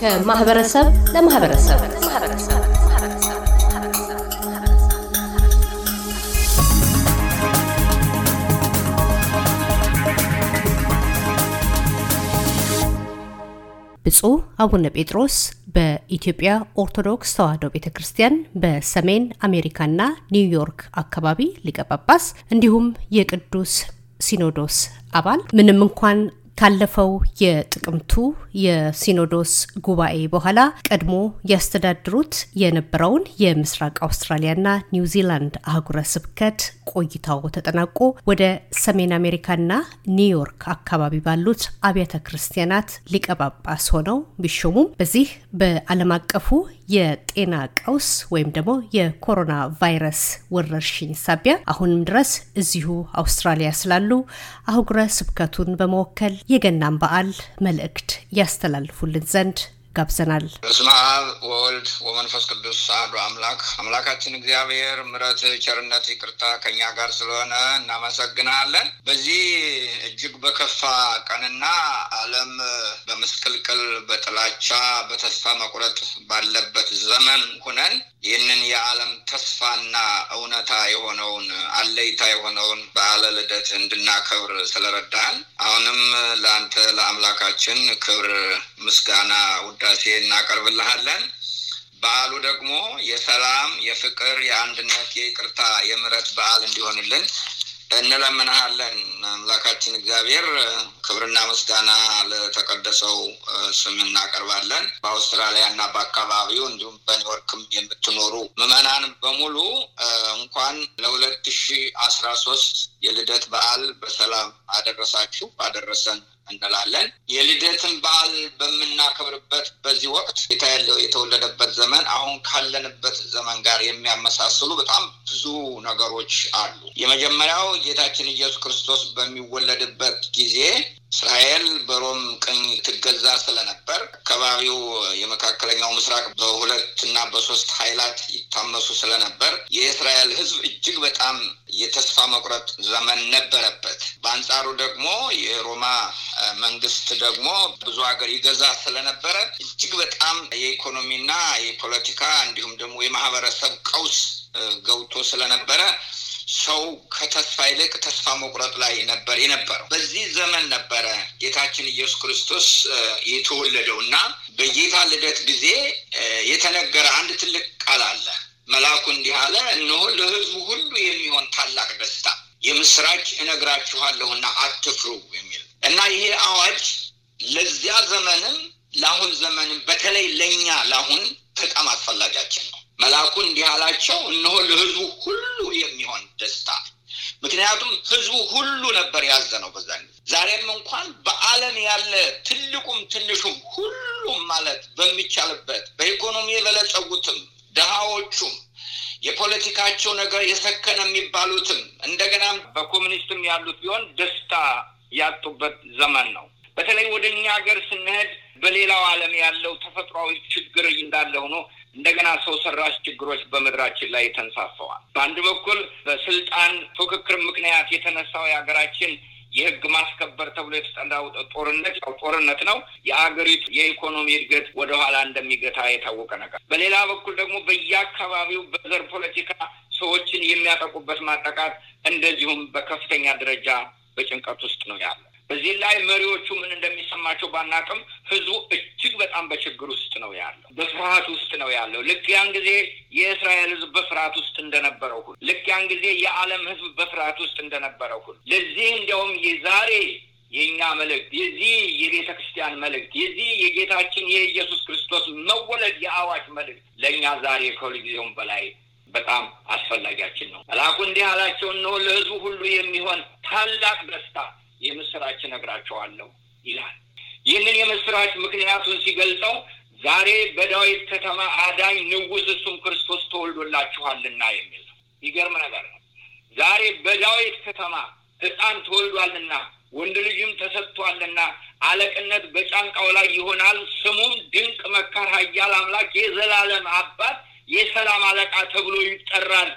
ከማህበረሰብ ለማህበረሰብ ብፁዕ አቡነ ጴጥሮስ በኢትዮጵያ ኦርቶዶክስ ተዋሕዶ ቤተ ክርስቲያን በሰሜን አሜሪካና ኒውዮርክ አካባቢ ሊቀ ጳጳስ እንዲሁም የቅዱስ ሲኖዶስ አባል ምንም እንኳን ካለፈው የጥቅምቱ የሲኖዶስ ጉባኤ በኋላ ቀድሞ ያስተዳድሩት የነበረውን የምስራቅ አውስትራሊያና ኒውዚላንድ አህጉረ ስብከት ቆይታው ተጠናቆ ወደ ሰሜን አሜሪካና ኒውዮርክ አካባቢ ባሉት አብያተ ክርስቲያናት ሊቀጳጳስ ሆነው ቢሾሙም በዚህ በዓለም አቀፉ የጤና ቀውስ ወይም ደግሞ የኮሮና ቫይረስ ወረርሽኝ ሳቢያ አሁንም ድረስ እዚሁ አውስትራሊያ ስላሉ አህጉረ ስብከቱን በመወከል የገናን በዓል መልእክት ያስተላልፉልን ዘንድ ጋብዘናል። በስመ አብ ወወልድ ወመንፈስ ቅዱስ አሐዱ አምላክ አምላካችን እግዚአብሔር ምሕረት፣ ቸርነት፣ ይቅርታ ከኛ ጋር ስለሆነ እናመሰግናለን። በዚህ እጅግ በከፋ ቀንና ዓለም በምስቅልቅል በጥላቻ በተስፋ መቁረጥ ባለበት ዘመን ሁነን ይህንን የዓለም ተስፋና እውነታ የሆነውን አለይታ የሆነውን በዓለ ልደት እንድናከብር ስለረዳን አሁንም ለአንተ ለአምላካችን ክብር፣ ምስጋና፣ ውዳሴ እናቀርብልሃለን። በዓሉ ደግሞ የሰላም፣ የፍቅር፣ የአንድነት፣ የይቅርታ፣ የምረት በዓል እንዲሆንልን እንለምናሃለን። አምላካችን እግዚአብሔር ክብርና ምስጋና ለተቀደሰው ስም እናቀርባለን። በአውስትራሊያ እና በአካባቢው እንዲሁም በኒውዮርክም የምትኖሩ ምዕመናን በሙሉ እንኳን ለሁለት ሺ አስራ ሶስት የልደት በዓል በሰላም አደረሳችሁ አደረሰን እንላለን። የልደትን በዓል በምናከብርበት በዚህ ወቅት ጌታ የተወለደበት ዘመን አሁን ካለንበት ዘመን ጋር የሚያመሳስሉ በጣም ብዙ ነገሮች አሉ። የመጀመሪያው ጌታችን ኢየሱስ ክርስቶስ በሚወለድበት ጊዜ እስራኤል በሮም ቅኝ ትገዛ ስለነበር አካባቢው የመካከለኛው ምስራቅ በሁለት እና በሶስት ኃይላት ይታመሱ ስለነበር የእስራኤል ሕዝብ እጅግ በጣም የተስፋ መቁረጥ ዘመን ነበረበት። በአንጻሩ ደግሞ የሮማ መንግስት ደግሞ ብዙ ሀገር ይገዛ ስለነበረ እጅግ በጣም የኢኮኖሚና የፖለቲካ እንዲሁም ደግሞ የማህበረሰብ ቀውስ ገብቶ ስለነበረ ሰው ከተስፋ ይልቅ ተስፋ መቁረጥ ላይ ነበር የነበረው። በዚህ ዘመን ነበረ ጌታችን ኢየሱስ ክርስቶስ የተወለደው እና በጌታ ልደት ጊዜ የተነገረ አንድ ትልቅ ቃል አለ። መልአኩ እንዲህ አለ፣ እነሆ ለሕዝቡ ሁሉ የሚሆን ታላቅ ደስታ የምስራች እነግራችኋለሁና አትፍሩ የሚል እና ይሄ አዋጅ ለዚያ ዘመንም ለአሁን ዘመንም በተለይ ለእኛ ለአሁን በጣም አስፈላጊያችን መልአኩ እንዲህ አላቸው፣ እነሆ ለህዝቡ ሁሉ የሚሆን ደስታ። ምክንያቱም ህዝቡ ሁሉ ነበር ያዘነው በዛን ጊዜ። ዛሬም እንኳን በአለም ያለ ትልቁም ትንሹም ሁሉም ማለት በሚቻልበት በኢኮኖሚ የበለጸጉትም ድሃዎቹም የፖለቲካቸው ነገር የሰከነ የሚባሉትም እንደገና በኮሚኒስትም ያሉት ቢሆን ደስታ ያጡበት ዘመን ነው። በተለይ ወደ እኛ ሀገር ስንሄድ በሌላው አለም ያለው ተፈጥሯዊ ችግር እንዳለ ሆኖ እንደገና ሰው ሰራሽ ችግሮች በምድራችን ላይ ተንሳፈዋል። በአንድ በኩል በስልጣን ፉክክር ምክንያት የተነሳው የሀገራችን የህግ ማስከበር ተብሎ የተጠራው ጦርነት ያው ጦርነት ነው። የአገሪቱ የኢኮኖሚ እድገት ወደኋላ እንደሚገታ የታወቀ ነገር። በሌላ በኩል ደግሞ በየአካባቢው በዘር ፖለቲካ ሰዎችን የሚያጠቁበት ማጠቃት እንደዚሁም በከፍተኛ ደረጃ በጭንቀት ውስጥ ነው ያለ እዚህ ላይ መሪዎቹ ምን እንደሚሰማቸው ባናቅም ህዝቡ እጅግ በጣም በችግር ውስጥ ነው ያለው፣ በፍርሃት ውስጥ ነው ያለው። ልክ ያን ጊዜ የእስራኤል ህዝብ በፍርሃት ውስጥ እንደነበረው ሁሉ፣ ልክ ያን ጊዜ የዓለም ህዝብ በፍርሃት ውስጥ እንደነበረው ሁሉ ለዚህ እንዲያውም የዛሬ የእኛ መልእክት የዚህ የቤተ ክርስቲያን መልእክት የዚህ የጌታችን የኢየሱስ ክርስቶስ መወለድ የአዋጅ መልእክት ለእኛ ዛሬ ከሁልጊዜውም በላይ በጣም አስፈላጊያችን ነው። መልአኩ እንዲህ አላቸው፣ እነሆ ለህዝቡ ሁሉ የሚሆን ታላቅ ደስታ የምስራች እነግራችኋለሁ ይላል። ይህንን የምስራች ምክንያቱን ሲገልጸው ዛሬ በዳዊት ከተማ አዳኝ ንጉሥ እሱም ክርስቶስ ተወልዶላችኋልና የሚል ነው። ይገርም ነገር ነው። ዛሬ በዳዊት ከተማ ሕፃን ተወልዷልና ወንድ ልጅም ተሰጥቷልና አለቅነት በጫንቃው ላይ ይሆናል፣ ስሙም ድንቅ መካር፣ ኃያል አምላክ፣ የዘላለም አባት፣ የሰላም አለቃ ተብሎ ይጠራል።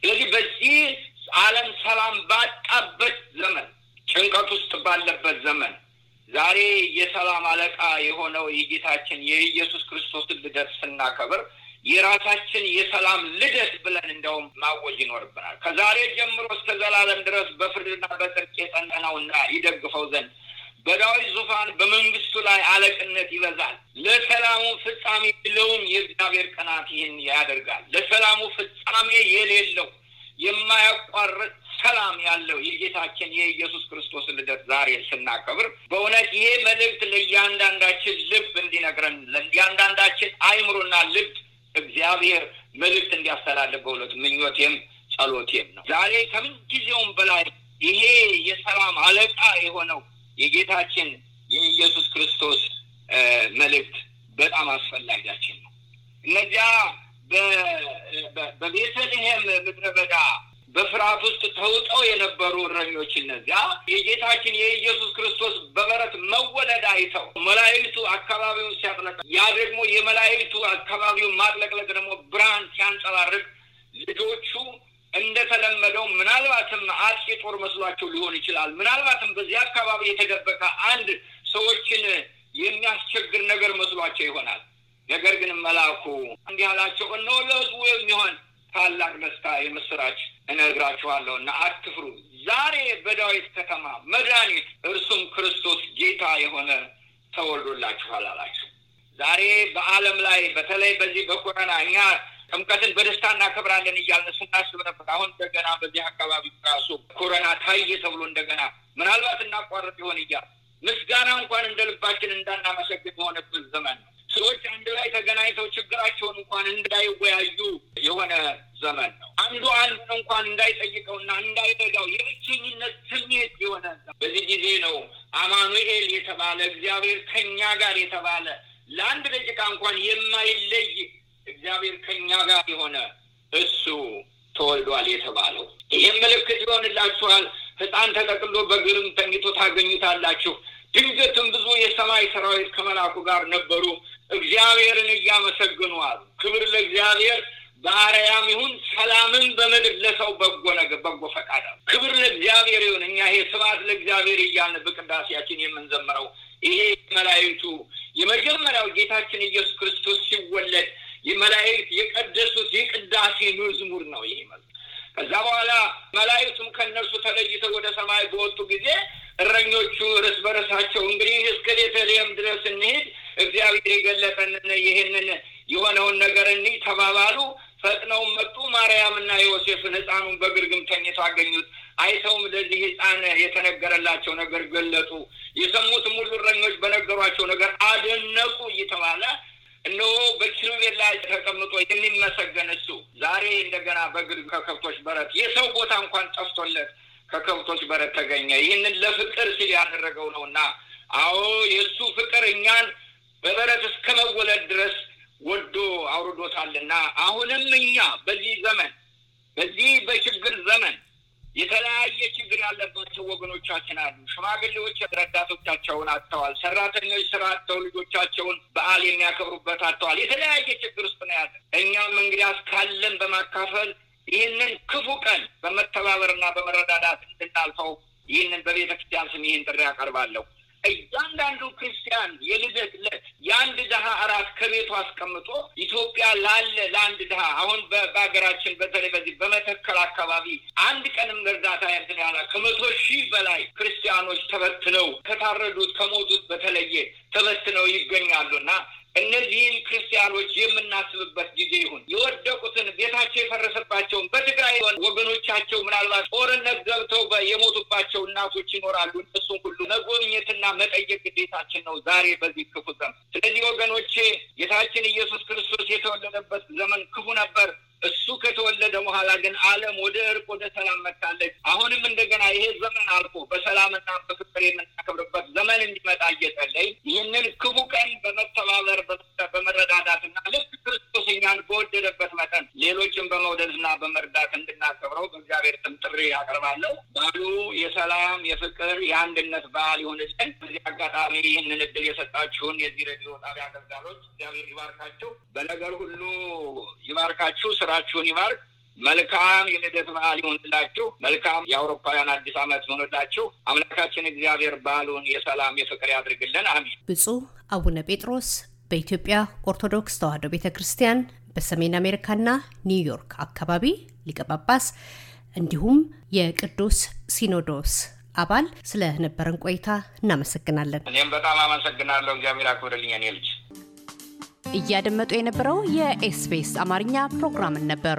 ስለዚህ በዚህ ዓለም ሰላም ባጣበት ዘመን ጭንቀት ውስጥ ባለበት ዘመን ዛሬ የሰላም አለቃ የሆነው የጌታችን የኢየሱስ ክርስቶስን ልደት ስናከብር የራሳችን የሰላም ልደት ብለን እንደውም ማወጅ ይኖርብናል። ከዛሬ ጀምሮ እስከ ዘላለም ድረስ በፍርድና በጽድቅ የጸነነውና ይደግፈው ዘንድ በዳዊት ዙፋን በመንግስቱ ላይ አለቅነት ይበዛል። ለሰላሙ ፍጻሜ የለውም የእግዚአብሔር ቀናት ይህን ያደርጋል። ለሰላሙ ፍጻሜ የሌለው የማያቋርጥ ሰላም ያለው የጌታችን የኢየሱስ ክርስቶስ ልደት ዛሬ ስናከብር በእውነት ይሄ መልእክት ለእያንዳንዳችን ልብ እንዲነግረን ለእያንዳንዳችን አይምሮና ልብ እግዚአብሔር መልእክት እንዲያስተላልፍ በእውነት ምኞቴም ጸሎቴም ነው። ዛሬ ከምንጊዜውም በላይ ይሄ የሰላም አለቃ የሆነው የጌታችን የኢየሱስ ክርስቶስ መልእክት በጣም አስፈላጊያችን ነው። እነዚያ በቤተልሔም ምድረ በዳ በፍርሃት ውስጥ ተውጠው የነበሩ እረኞች እነዚያ የጌታችን የኢየሱስ ክርስቶስ በበረት መወለድ አይተው መላይቱ አካባቢውን ሲያጥለቀ ያ ደግሞ የመላይቱ አካባቢውን ማጥለቅለቅ ደግሞ ብርሃን ሲያንጸባርቅ ልጆቹ እንደተለመደው ምናልባትም አጥቂ ጦር መስሏቸው ሊሆን ይችላል። ምናልባትም በዚህ አካባቢ የተደበቀ አንድ ሰዎችን የሚያስቸግር ነገር መስሏቸው ይሆናል። ነገር ግን መላኩ እንዲህ አላቸው፣ እነሆ ለህዝቡ የሚሆን ታላቅ ደስታ የምስራች እነግራችኋለሁ እና አትፍሩ። ዛሬ በዳዊት ከተማ መድኃኒት እርሱም ክርስቶስ ጌታ የሆነ ተወልዶላችኋል አላቸው። ዛሬ በዓለም ላይ በተለይ በዚህ በኮረና እኛ ጥምቀትን በደስታ እናከብራለን እያልን ስናስብ ነበር። አሁን እንደገና በዚህ አካባቢ ራሱ ኮረና ታየ ተብሎ እንደገና ምናልባት እናቋርጥ ይሆን እያል ምስጋና እንኳን እንደ ልባችን እንዳናመሰግን የሆነበት ዘመን ነው። ሰዎች አንድ ላይ ተገናኝተው ችግራቸውን እንኳን እንዳይወያዩ የሆነ ዘመን ነው። አንዱ አንዱን እንኳን እንዳይጠይቀውና እንዳይረዳው የብቸኝነት ስሜት የሆነ በዚህ ጊዜ ነው አማኑኤል የተባለ እግዚአብሔር ከኛ ጋር የተባለ ለአንድ ደቂቃ እንኳን የማይለይ እግዚአብሔር ከኛ ጋር የሆነ እሱ ተወልዷል የተባለው። ይህም ምልክት ይሆንላችኋል፣ ሕፃን ተጠቅሎ በግርም ተኝቶ ታገኙታላችሁ ድንገትም ብዙ የሰማይ ሰራዊት ከመላኩ ጋር ነበሩ፣ እግዚአብሔርን እያመሰገኑ አሉ። ክብር ለእግዚአብሔር በአርያም ይሁን ሰላምን በምድር ለሰው በጎ ነገር በጎ ፈቃድ አሉ። ክብር ለእግዚአብሔር ይሁን። እኛ ይሄ ስብሐት ለእግዚአብሔር እያልን በቅዳሴያችን የምንዘምረው ይሄ መላእክቱ የመጀመሪያው ጌታችን ኢየሱስ ክርስቶስ ሲወለድ የመላእክት የቀደሱት የቅዳሴ መዝሙር ነው ይሄ መ ከዛ በኋላ መላእክቱም ከእነርሱ ተለይተው ወደ ሰማይ በወጡ ጊዜ እረኞቹ እርስ በርሳቸው እንግዲህ እስከ ቤተልሔም ድረስ እንሄድ፣ እግዚአብሔር የገለጠንን ይህንን የሆነውን ነገር እኒ ተባባሉ። ፈጥነውም መጡ፣ ማርያምና ዮሴፍን ህፃኑን በግርግም ተኝቶ አገኙት። አይተውም ለዚህ ህፃን የተነገረላቸው ነገር ገለጡ። የሰሙት ሙሉ እረኞች በነገሯቸው ነገር አደነቁ እየተባለ እነሆ በኪሩቤል ላይ ተቀምጦ የሚመሰገን እሱ ዛሬ እንደገና በግድ ከከብቶች በረት የሰው ቦታ እንኳን ጠፍቶለት ከከብቶች በረት ተገኘ። ይህንን ለፍቅር ሲል ያደረገው ነው እና አዎ የእሱ ፍቅር እኛን በበረት እስከ መወለድ ድረስ ወዶ አውርዶታልና አሁንም እኛ በዚህ ዘመን በዚህ በችግር ዘመን የተለያየ ችግር ያለባቸው ወገኖቻችን አሉ። ሽማግሌዎች ረዳቶቻቸውን አጥተዋል። ሰራተኞች ስራ አጥተው ልጆቻቸውን በዓል የሚያከብሩበት አጥተዋል። የተለያየ ችግር ውስጥ ነው ያለ። እኛም እንግዲህ አስካለን በማካፈል ይህንን ክፉ ቀን በመተባበርና በመረዳዳት እንድናልፈው ይህንን በቤተ ክርስቲያን ስም ይህን ጥሪ ያቀርባለሁ። እያንዳንዱ ክርስቲያን የልደት ዕለት የአንድ ድሀ አራት ከቤቱ አስቀምጦ ኢትዮጵያ ላለ ለአንድ ድሀ አሁን በሀገራችን በተለይ በዚህ በመተከል አካባቢ አንድ ቀንም እርዳታ ያንትናላ ከመቶ ሺህ በላይ ክርስቲያኖች ተበትነው ከታረዱት ከሞቱት በተለየ ተበትነው ይገኛሉና እነዚህም ክርስቲያኖች የምናስብበት ጊዜ ይሁን። የወደቁትን ቤታቸው የፈረሰባቸውን በትግራይ ወገኖቻቸው ምናልባት ጦርነት ገብተው የሞቱባቸው እናቶች ይኖራሉ። እሱን ሁሉ መጎብኘትና መጠየቅ ግዴታችን ነው ዛሬ በዚህ ክፉ ዘመን። ስለዚህ ወገኖቼ ጌታችን ኢየሱስ ክርስቶስ የተወለደበት ዘመን ክፉ ነበር። በኋላ ግን ዓለም ወደ እርቅ ወደ ሰላም መታለች። አሁንም እንደገና ይሄ ዘመን አልፎ በሰላምና በፍቅር የምናከብርበት ዘመን እንዲመጣ እየጸለይ ይህንን ክቡ ቀን በመተባበር በመረዳዳትና ልክ ክርስቶስ እኛን በወደደበት መጠን ሌሎችን በመውደድና በመርዳት እንድናከብረው በእግዚአብሔር ስም ጥሪ ያቀርባለሁ። ባሉ የሰላም የፍቅር፣ የአንድነት በዓል ይሆንልን። በዚህ አጋጣሚ ይህንን እድል የሰጣችሁን የዚህ ሬዲዮ ጣቢያ አገልጋሎች እግዚአብሔር ይባርካችሁ፣ በነገር ሁሉ ይባርካችሁ፣ ስራችሁን ይባርክ። መልካም የልደት በዓል ይሆንላችሁ። መልካም የአውሮፓውያን አዲስ ዓመት ይሆንላችሁ። አምላካችን እግዚአብሔር በዓሉን የሰላም የፍቅር ያድርግልን። አሚን። ብፁዕ አቡነ ጴጥሮስ በኢትዮጵያ ኦርቶዶክስ ተዋሕዶ ቤተ ክርስቲያን በሰሜን አሜሪካና ኒውዮርክ አካባቢ ሊቀ ጳጳስ እንዲሁም የቅዱስ ሲኖዶስ አባል ስለነበረን ቆይታ እናመሰግናለን። እኔም በጣም አመሰግናለሁ። እግዚአብሔር አክብርልኝ። እኔ ልጅ እያደመጡ የነበረው የኤስቢኤስ አማርኛ ፕሮግራምን ነበር።